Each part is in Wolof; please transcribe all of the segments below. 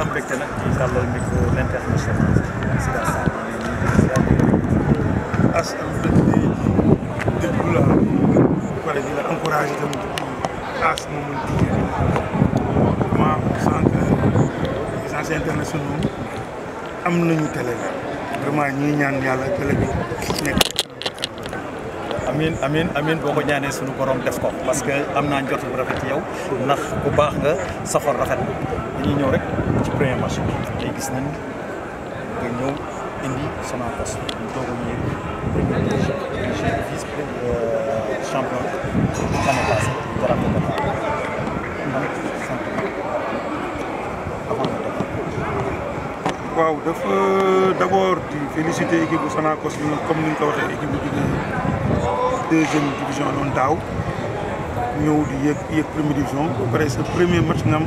am mbégte nag ci tàllal micro l'international Sida Sarr encouragé tamit as moom lañ tuddee vraiment centre les anciens internationaux am nañu télé vraiment ñuy ñaan yàlla télé bi nekk amin amin amin boo ko ñaanee suñu borom def ko parce que am naa njot bu rafet ci yow ndax bu baax nga soxor rafet É o rek ci premier match bi gis nañ nga ñëw indi Sonacos ñu toog a ñëw premier DG DG vice champion l'année passée dara ko def man sant waaw dafa d' abord di féliciter équipe bu Sonacos bi comme ni ñu ko waxee équipe bu jógee deuxième division noonu daaw ñëw di yéeg yéeg première division ba sa premier match nga am.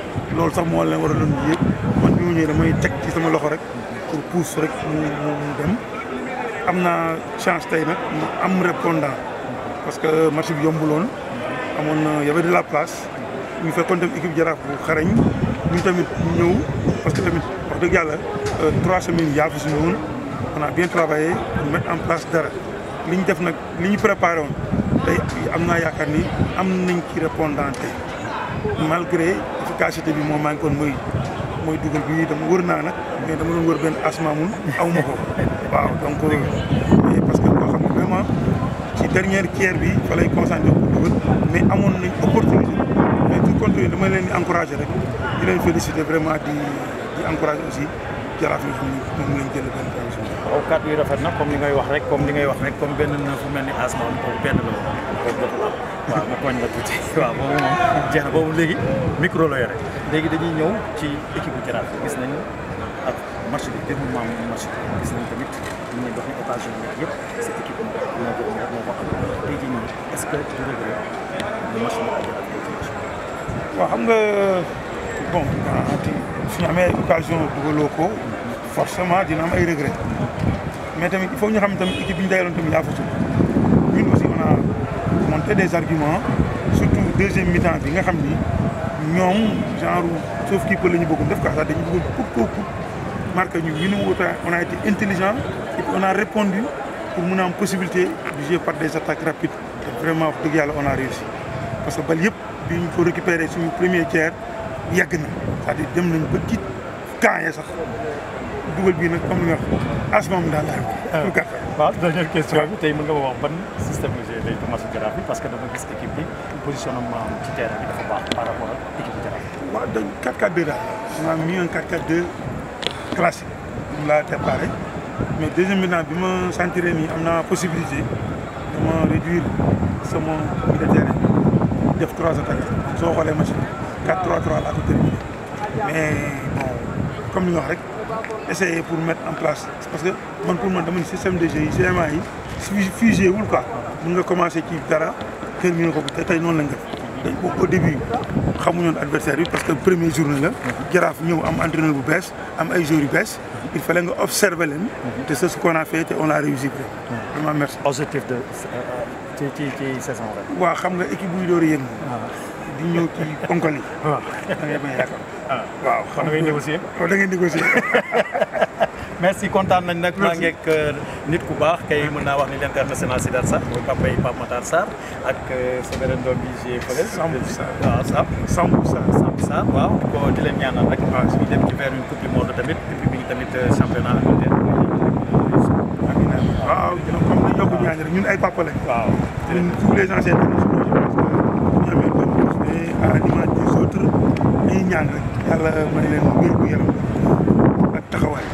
loolu sax moo leen war a doon yéeg man bi mu damay teg ci sama loxo rek pour pousse rek mu dem am naa chance tey nag mu am répondant parce que match bi yombuloon amoon na y de la place ñu fekkoon tamit équipe jaraaf bu xarañ ñu tamit ñëw parce que tamit wax dëgg yàlla euh, trois semaines yaa fi suñu woon on a bien travaillé pour mettre en place dara li ñu def nag li ñu préparé woon tey am naa yaakaar ni am nañ ci répondant malgré efficacité bi moom maa ngi kon mooy mooy dugal bi dama wër naa nag mais dama doon wër benn asma mun aw ma ko waaw donc euh, parce que loo xam ne ci dernière tiers bi fa lay concentré pour dugal mais amoon nañ opportunité mais tout compte tenu dama leen di encouragé rek di leen félicité vraiment di di encouragé aussi jaraaf yi nga xam ne moom lañ jël benn position aw kàddu yi rafet na comme li ngay wax rek comme ni asma am boobu benn la woon boobu dootul am waaw mu koñ la tuuti waaw boobu moom léegi dañuy ñëw ci équipe bu gis nañu ak marché bi déroulement marché bi gis nañ tamit ñu ngi dox ni occasion bi yëpp cette équipe moo ko moo ko am tey jii nii est-ce waaw xam nga bon suñu ah, amee occasion dugaloo ko forcément dina am ay regret mais tamit il faut ñu xam tamit équipe bi ñu dajaloon tamit yaa fasul ñun aussi on a monté des arguments surtout deuxième mi-temps bi nga xam ni ñom genre sauf qui la ñu bëggoon def ko cest dañu dire pour pour marqué ñu ñu ne wuta on a été intelligent et on a répondu pour mun a am possibilité de jouer par des attaques rapides vraiment wax yalla on a réussi parce que bal yépp bi ñu ko sur suñu premier tiers yàgg na c'est-à-dire dem nañ ba ci camp ya sax dugal bii nag comme li nga wax asma daal laay wax. lu gàttal waaw dernière question bi tey mën nga wax ban système de jeu lay Thomas Jaraaf bi parce que dama gis équipe bi positionnement ci terrain bi dafa baax par rapport ak équipe Jaraaf. waaw donc 4-4-2 daal maa ngi un 4-4-2 classique. moom laa préparé mais deuxième mi-temps bi ma sentiré nii am naa possibilité dama réduire sama milieu de terrain def trois attaques soo xoolee machine 4-3-3 laa ko terminé mais bon comme li nga wax rek. essayer pour mettre en place parce que bon pour mon dama système de jeu yi cinéma figé wul quoi nous nga commencé ci dara kër ñu ne ko te tey la nga def au début xamuñoon adversaire parce que premier jour là jaraaf ñëw am entraîneur bu bees am ay joueurs yu il fallait nga observer leen c'est ce qu'on a fait et on a réussi vraiment merci objectif de euh, euh, ci ci ci saison waaw xam nga équipe buy door yéen di ñëw ci ponkal ah. yi. Ah. waaw a yaakaar. waaw xam nga da ngay négocier. waaw da ngay négocier. merci kontaan nañ nag maa ngeeg euh, nit ku baax kay mën naa wax ni l'international Sidath Sarr mooy papa yi Pape Matar Sarr ak euh, sa beneen doom bi j' ai fële. Samb Sarr waaw ah, Samb. Samb Sarr Samb Sarr waaw di ko di leen ñaanal rek. waaw suñu dem ci vers une coupe du monde tamit depuis bi ñu tamit euh, championnat waaw comme ni ñu yokk ñaan rek ñun ay papa lañ. waaw ñun tous les anciens. ñaan rek yàlla may leen wér gu yaram ak taxawaay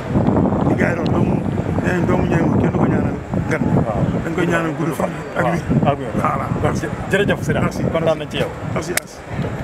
di jaay loolu doomu nee nañ doomu ñëw kenn du ko ñaanal gan. waaw dañ koy ñaanal gudd fan. ak wér waaw ak wér voilà. jërëjëf Sira kontaan nañ